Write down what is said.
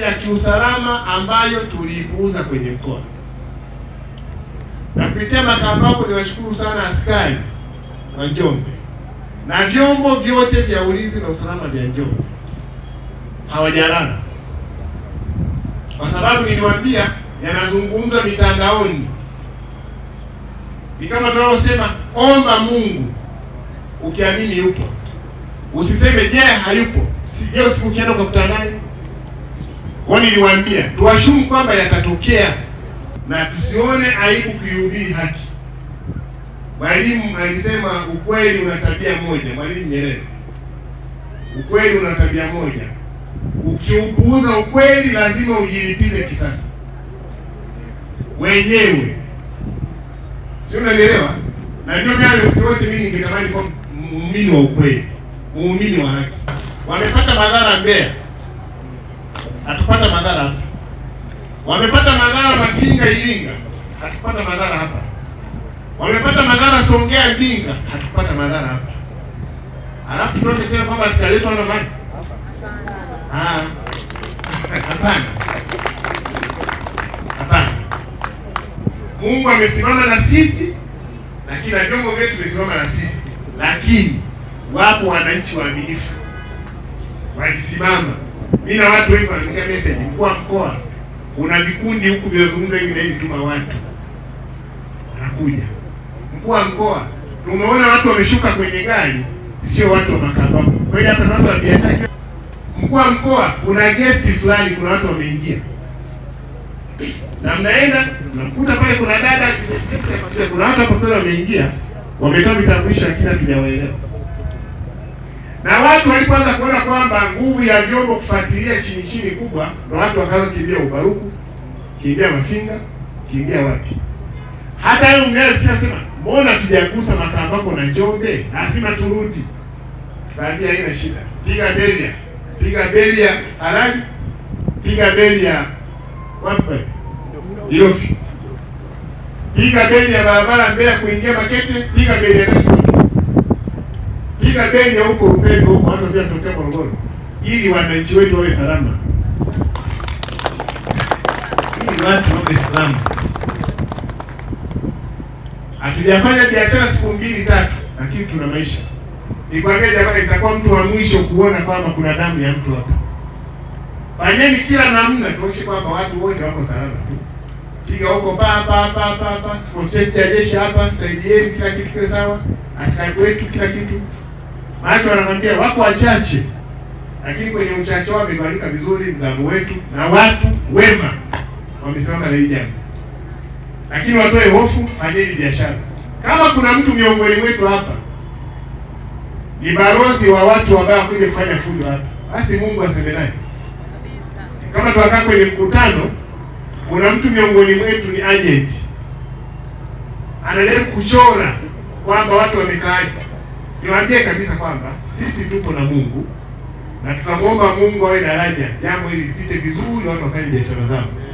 ya kiusalama ambayo tuliipuuza kwenye mkoa, Napitia kupitia ni niwashukuru sana askari wa Njombe na vyombo vyote vya ulinzi na usalama vya Njombe hawajalala, kwa sababu niliwaambia yanazungumza mitandaoni. Ni kama tunaosema omba Mungu ukiamini yupo, usiseme je hayupo. siku usipokienda kwa naye kwa niliwaambia tuwashumu kwamba yatatokea na tusione aibu kuihubiri haki. Mwalimu alisema ukweli una tabia moja. Mwalimu Nyerere, ukweli una tabia moja, ukiupuuza ukweli lazima ujilipize kisasi wenyewe, si Unanielewa? na ndio maana mtu wote, mimi ningetamani kwa muumini wa ukweli, muumini wa haki. Wamepata madhara Mbeya hatupata madhara. Wamepata madhara Mafinga, Iringa, hatupata madhara hapa. Wamepata madhara Songea, Mbinga, hatupata madhara hapa. Alafu tunasema kwamba zitaletwa na nani? Hapana, hapana. Mungu amesimama na sisi na kila vyombo vyetu vimesimama na sisi, lakini wapo wananchi waaminifu walisimama na watu wengi wanaandika message, mkuu wa mkoa, kuna vikundi huku vinazungumza hivi na hivi, tuma watu. Wanakuja. Mkuu wa mkoa, tumeona watu wameshuka kwenye gari, sio watu wa makababu. Kwa hiyo hata watu wa biashara. Mkuu wa mkoa, kuna guest fulani, kuna watu wameingia na mnaenda mnakuta pale kuna dada kuna watu hapo wameingia, wametoa vitambulisho lakini hatujawaelewa na watu walipoanza kuona kwamba nguvu ya vyombo kufuatilia chini chini kubwa, na watu wakaanza kimbia ubaruku, kimbia mafinga, kimbia wapi. Hata hayo mnayosema, mbona tujagusa Makambako na Njombe? Lazima turudi. Baadhi haina shida, piga belia, piga belia Harari, piga belia wapi, Ilofi, piga beli ya barabara Mbeya kuingia Makete, piga belia Ukipita Kenya huko Upendo huko hata sisi tutokea Morogoro, ili wananchi wetu wawe salama, ili watu wawe salama. Hatujafanya biashara siku mbili tatu, lakini tuna maisha. Nikwambia jamani, nitakuwa mtu wa mwisho kuona kwamba kuna damu ya mtu hapa. Fanyeni kila namna tuoshe kwamba watu wote wako salama tu. Piga huko pa pa pa pa pa. Kikosi cha jeshi hapa, saidieni kila kitu kiwe sawa. Askari wetu kila kitu. Maana wanamwambia wako wachache, lakini kwenye uchache wao wamebarika vizuri, mgambo wetu na watu wema wamesimama na hii jambo. Lakini watoe hofu, fanyeni biashara. Kama kuna mtu miongoni mwetu hapa ni barozi wa watu ambao wakuja kufanya fujo hapa, basi Mungu aseme naye. Kama tunakaa kwenye mkutano, kuna mtu miongoni mwetu ni agent, anajaribu kuchora kwamba watu wamekaaje niwaambie kabisa kwamba sisi tuko na Mungu na tutamwomba Mungu awe daraja, jambo hili lipite vizuri, watu wafanye biashara zao.